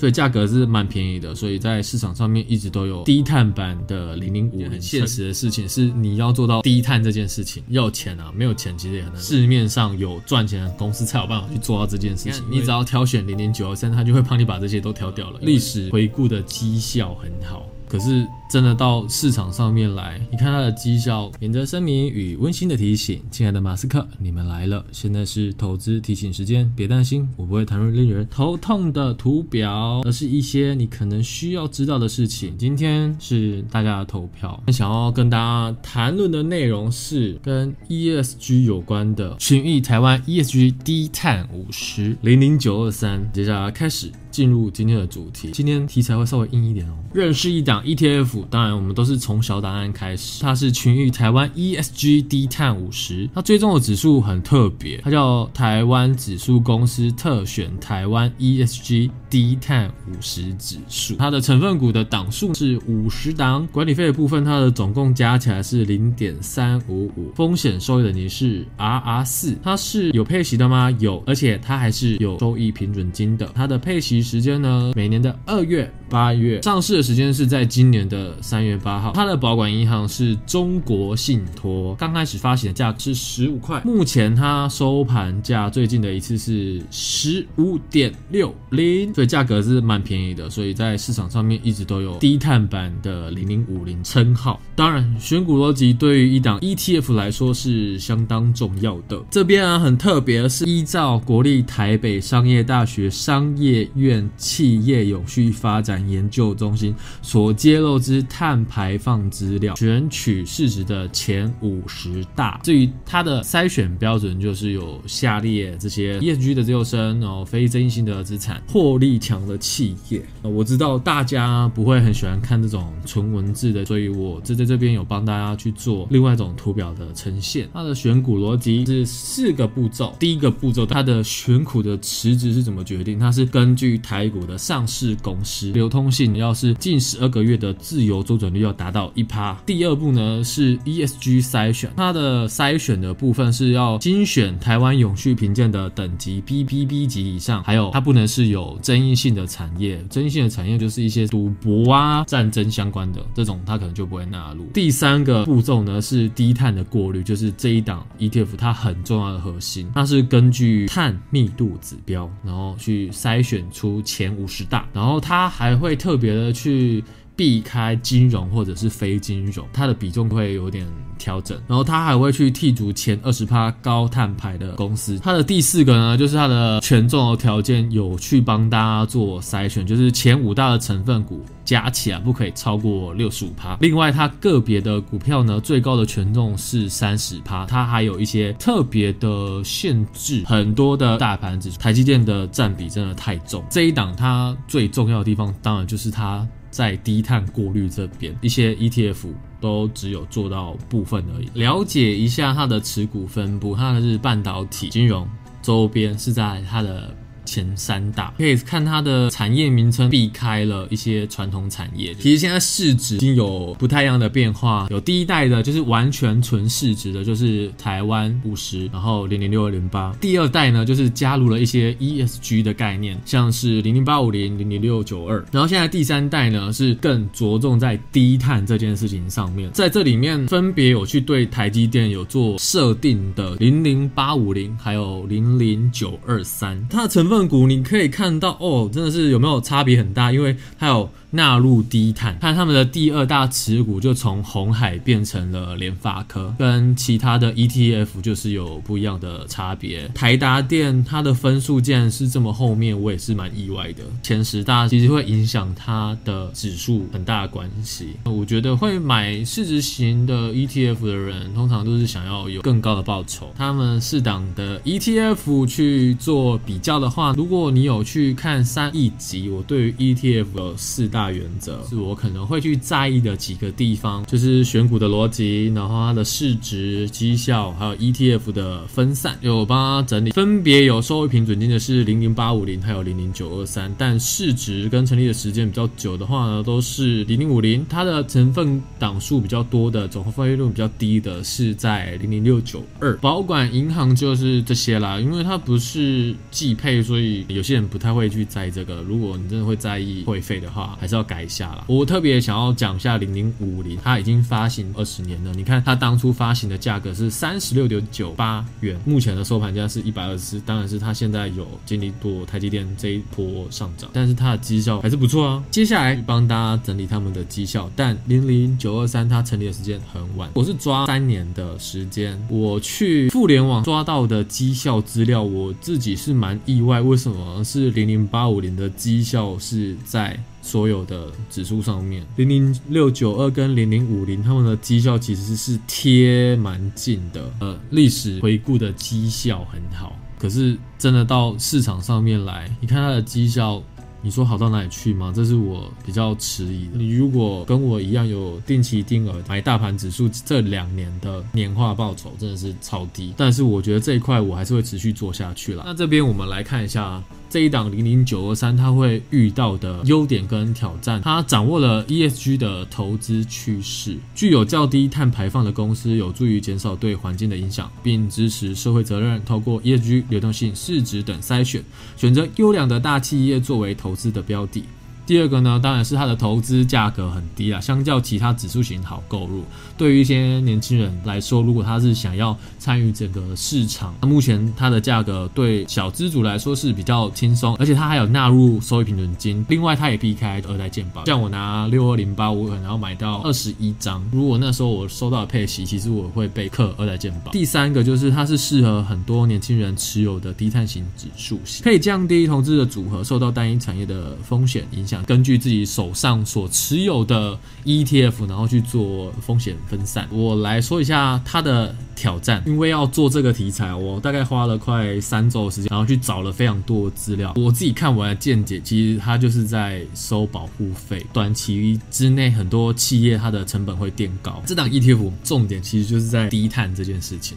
所以價格是蠻便宜的，所以在市場上面一直都有低碳版的零零五。很現實的事情是，你要做到低碳這件事情，要錢啊，沒有錢其實也很難。市面上有賺錢的公司才有辦法去做到這件事情。你只要挑選零零九二三，它就會幫你把這些都挑掉了。歷史回顧的績效很好，可是。真的到市場上面來，你看他的績效。免責聲明與溫馨的提醒。親愛的馬濕克，你們來了。現在是投資提醒時間，別擔心，我不會談論令人頭痛的圖表，而是一些你可能需要知道的事情。今天是大家的投票，想要跟大家談論的內容是跟 ESG 有關的。群益台灣 ESG 低碳50 00923，接下來開始進入今天的主題。今天題材會稍微硬一點哦，認識一檔 ETF。當然，我們都是從小檔案開始。它是群益台灣 ESG 低碳五十，它追蹤的指數很特別，它叫台灣指數公司特選台灣 ESG 低碳五十指數。它的成分股的檔數是五十檔，管理費的部分它的總共加起來是零點三五五，風險收益等級是 RR 四。它是有配息的嗎？有，而且它還是有收益平準金的。它的配息時間呢，每年的二月、八月。上市的時間是在今年的。三月八號，它的保管銀行是中國信託。剛開始發行的價格是十五塊，目前它收盤價最近的一次是十五點六零，所以價格是蠻便宜的。所以在市場上面一直都有低碳版的零零五零稱號。當然，選股邏輯對於一檔 ETF 來說是相當重要的。這邊啊很特別，是依照國立台北商業大學商業院企業永續發展研究中心所揭露之是碳排放資料，選取市值的前五十大。至於它的篩選標準，就是有下列這些：ESG 的優生，然後非爭議性的資產，獲利強的企業。我知道大家不會很喜歡看這種純文字的，所以我這在這邊有幫大家去做另外一種圖表的呈現。它的選股邏輯是四個步驟。第一個步驟，它的選股的市值是怎麼決定？它是根據台股的上市公司流通性，要是近十二個月的自由有週轉率要達到一趴。第二步呢是 ESG 篩選，它的篩選的部分是要精選台灣永續評鑑的等級 BBB 級以上，還有它不能是有爭議性的產業，爭議性的產業就是一些賭博啊、戰爭相關的這種，它可能就不會納入。第三個步驟呢是低碳的過濾，就是這一檔 ETF 它很重要的核心，它是根據碳密度指標，然後去篩選出前五十大，然後它還會特別的去。避開金融或者是非金融，它的比重會有點調整，然後它還會去剔除前二十趴高碳排的公司。它的第四個呢，就是它的權重的條件有去幫大家做篩選，就是前五大的成分股加起來不可以超過六十五趴。另外，它個別的股票呢，最高的權重是三十趴。它還有一些特別的限制，很多的大盤子，台積電的占比真的太重。這一檔它最重要的地方，當然就是它。在低碳過濾這邊，一些 ETF 都只有做到部分而已。了解一下它的持股分布，它是半導體、金融周邊，是在它的。前三大可以看它的產業名稱，避開了一些傳統產業。其實現在市值已經有不太一樣的變化，有第一代的就是完全純市值的，就是台灣五十，然後零零六二零八。第二代呢，就是加入了一些 ESG 的概念，像是零零八五零、零零六九二。然後現在第三代呢，是更着重在低碳這件事情上面，在這裡面分別有去對台積電有做設定的零零八五零，還有零零九二三，它的成分。股你可以看到哦，真的是有沒有差別很大？因為它有納入低碳，看他們的第二大持股就從鴻海變成了聯發科，跟其他的 ETF 就是有不一樣的差別。台達電它的分數竟然是這麼後面，我也是蠻意外的。前十大其實會影響它的指數很大的關係。我覺得會買市值型的 ETF 的人，通常都是想要有更高的報酬，他們適當的 ETF 去做比較的。如果你有去看三億集，我對於 ETF 的四大原則是我可能會去在意的幾個地方，就是選股的邏輯，然後它的市值、績效，還有 ETF 的分散。就我幫他整理，分別有收益平準金的是零零八五零，還有零零九二三，但市值跟成立的時間比較久的話呢，都是零零五零。它的成分檔數比較多的，總和費用率比較低的是在零零六九二。保管銀行就是這些啦，因為它不是季配。所以有些人不太會去在意這個。如果你真的會在意會費的話，還是要改一下啦。我特別想要講一下零零五零，它已經發行二十年了。你看它當初發行的價格是三十六點九八元，目前的收盤價是一百二十。當然是它現在有經歷過台積電這一波上漲，但是它的績效還是不錯啊。接下來幫大家整理他們的績效。但零零九二三它成立的時間很晚，我是抓三年的時間，我去互聯網抓到的績效資料，我自己是蠻意外。為什麼是零零八五零的績效是在所有的指數上面？零零六九二跟零零五零他們的績效其實是貼蠻近的。呃，歷史回顧的績效很好，可是真的到市場上面來，你看它的績效。你說好到哪裡去嗎？這是我比較遲疑的。你如果跟我一樣有定期定額買大盤指數，這兩年的年化報酬真的是超低。但是我覺得這一塊我還是會持續做下去了。那這邊我們來看一下這一檔00923，它會遇到的優點跟挑戰。它掌握了 ESG 的投資趨勢，具有較低碳排放的公司有助於減少對環境的影響，並支持社會責任。透過 ESG 流動性、市值等篩選，選擇優良的大企業作為投投資的標的。第二個呢，當然是它的投資價格很低啦，相較其他指數型好購入。對於一些年輕人來說，如果他是想要參與整個市場，那目前它的價格對小資主來說是比較輕鬆，而且它還有納入收益平準金。另外，它也避開二代健保，像我拿六二零八，我可能要買到二十一張。如果那時候我收到的配息，其實我會被課二代健保。第三個就是它是適合很多年輕人持有的低碳型指數型，可以降低投資的組合受到單一產業的風險影響。根據自己手上所持有的 ETF，然後去做風險分散。我來說一下它的挑戰，因為要做這個題材，我大概花了快三周的時間，然後去找了非常多的資料。我自己看完的見解，其實它就是在收保護費。短期之內，很多企業它的成本會墊高。這檔 ETF 重點其實就是在低碳這件事情。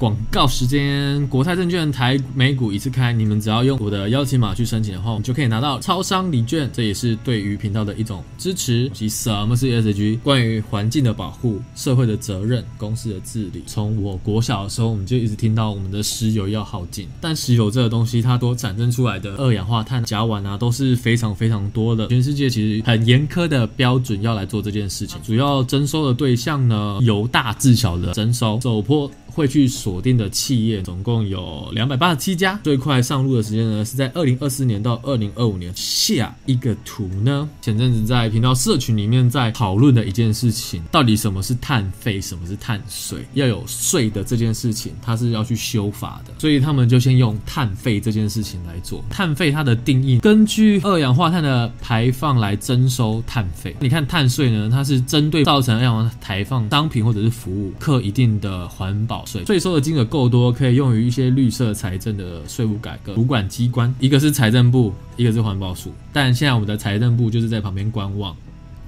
廣告時間，國泰證券台美股一次開，你們只要用我的邀請碼去申請的話，你就可以拿到超商禮券，這也是對於頻道的一種支持。及什麼是 ESG？關於環境的保護、社會的責任、公司的治理。從我國小的時候，我們就一直聽到我們的石油要耗盡，但石油這個東西，它所產生出來的二氧化碳、甲烷啊，都是非常非常多的。全世界其實很嚴苛的標準要來做這件事情，主要徵收的對象呢，由大至小的徵收，走坡。會去鎖定的企業總共有兩百八十七家，最快上路的時間呢是在二零二四年到二零二五年。下一個圖呢，前陣子在頻道社群裡面在討論的一件事情，到底什麼是碳費，什麼是碳稅？要有稅的這件事情，它是要去修法的，所以他們就先用碳費這件事情來做。碳費它的定義，根據二氧化碳的排放來徵收碳費。你看碳稅呢，它是針對造成二氧化碳的排放商品或者是服務課一定的環保。所以稅收的金額夠多，可以用於一些綠色財政的稅務改革。主管機關一個是財政部，一個是環保署，但現在我們的財政部就是在旁邊觀望。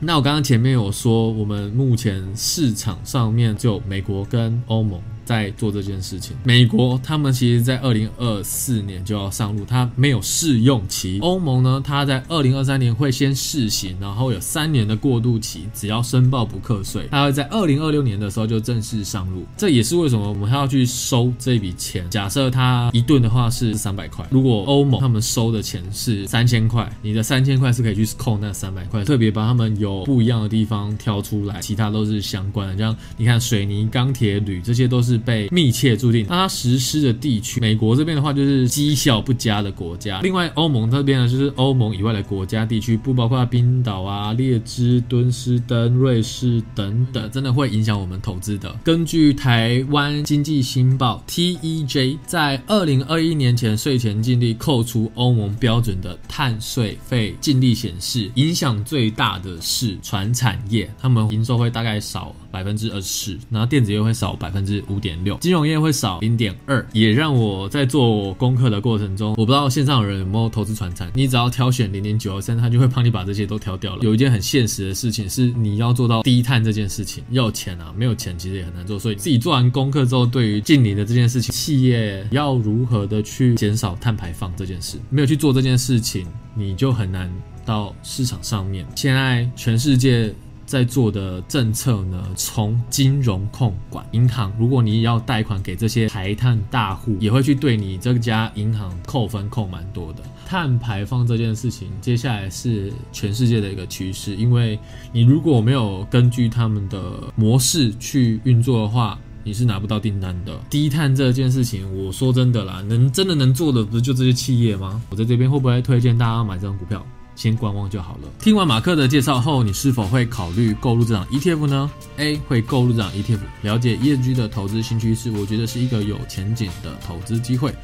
那我剛剛前面有說，我們目前市場上面就美國跟歐盟。在做這件事情，美國他們其實，在二零二四年就要上路，它沒有試用期。歐盟呢，它在二零二三年會先試行，然後有三年的過渡期，只要申報不課稅，它會在二零二六年的時候就正式上路。這也是為什麼我們還要去收這筆錢。假設他一噸的話是三百塊，如果歐盟他們收的錢是三千塊，你的三千塊是可以去扣那三百塊，特別把他們有不一樣的地方挑出來，其他都是相關的。像你看水泥、鋼鐵、鋁，這些都是。是被密切注定，那它實施的地區，美國這邊的話就是績效不佳的國家；另外，歐盟這邊呢，就是歐盟以外的國家地區，不包括冰島啊、列支敦士登、瑞士等等，真的會影響我們投資的。根據台灣經濟新報 （TEJ） 在二零二一年前稅前淨利扣除歐盟標準的碳稅費淨利顯示，影響最大的是傳產業，他們營收會大概少百分之二十，然後電子業會少百分之五。點六，金融業會少零點二，也讓我在做我功課的過程中，我不知道線上有人有沒有投資傳產，你只要挑選零零九二三，它就會幫你把這些都挑掉了。有一件很現實的事情是，你要做到低碳這件事情，要錢啊，沒有錢其實也很難做。所以自己做完功課之後，對於淨零的這件事情，企業要如何的去減少碳排放這件事，沒有去做這件事情，你就很難到市場上面。現在全世界。在做的政策呢，從金融控管銀行，如果你要貸款給這些排碳大戶，也會去對你這家銀行扣分扣蠻多的。碳排放這件事情，接下來是全世界的一個趨勢，因為你如果沒有根據他們的模式去運作的話，你是拿不到訂單的。低碳這件事情，我說真的啦，能真的能做的不就這些企業嗎？我在這邊會不會推薦大家買這種股票？先觀望就好了。聽完馬克的介紹後，你是否會考慮購入這檔 ETF 呢？A. 會購入這檔 ETF。了解 ESG 的投資新趨勢，我覺得是一個有前景的投資機會。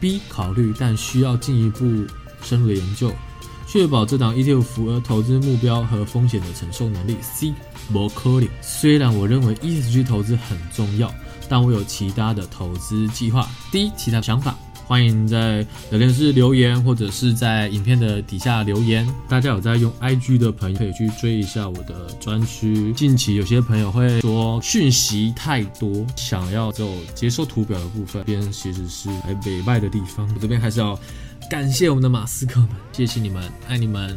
B. 考慮，但需要進一步深入的研究，確保這檔 ETF 符合投資目標和風險的承受能力。C. 不考慮。雖然我認為 ESG 投資很重要，但我有其他的投資計劃。D. 其他想法。歡迎在聊天室留言，或者是在影片的底下留言。大家有在用 IG 的朋友，可以去追一下我的專區。近期有些朋友會說訊息太多，想要走接收圖表的部分，這邊其實是還委外的地方。我這邊還是要感謝我們的馬濕克們，謝謝你們，愛你們。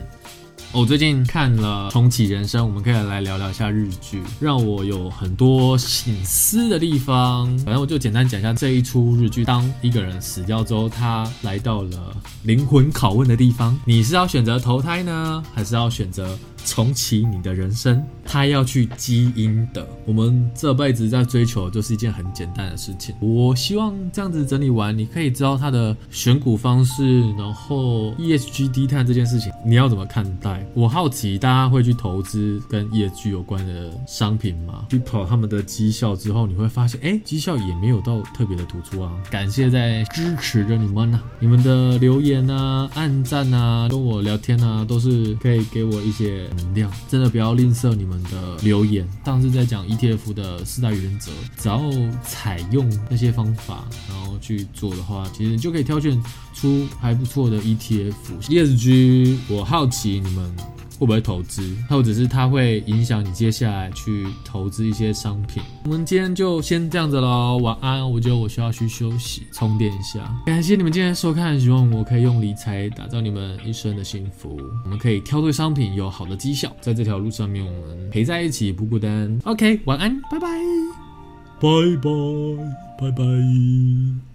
我、哦、最近看了《重啟人生》，我們可以來聊聊一下日劇，讓我有很多省思的地方。反正我就簡單講一下這一出日劇：當一個人死掉之後，他來到了靈魂拷問的地方，你是要選擇投胎呢，還是要選擇？重啟你的人生，他要去積陰德。我們這輩子在追求的就是一件很簡單的事情。我希望這樣子整理完，你可以知道他的選股方式，然後 ESG 低碳這件事情你要怎麼看待？我好奇大家會去投資跟 ESG 有關的商品嗎？去跑他們的績效之後，你會發現，誒，績效也沒有到特別的突出啊。感謝在支持着你們吶、啊，你們的留言吶、啊、按讚吶、啊、跟我聊天吶、啊，都是可以給我一些。能量，真的不要吝嗇你們的留言。上次在講 ETF 的四大原則，只要採用那些方法，然後去做的話，其實就可以挑選出還不錯的 ETF。ESG，我好奇你們。會不會投資，或者是它會影響你接下來去投資一些商品？我們今天就先這樣子嘍，晚安。我覺得我需要去休息充電一下。感謝你們今天的收看，希望我可以用理財打造你們一生的幸福。我們可以挑對商品，有好的績效，在這條路上面我們陪在一起不孤單。OK，晚安，拜拜，拜拜，拜拜。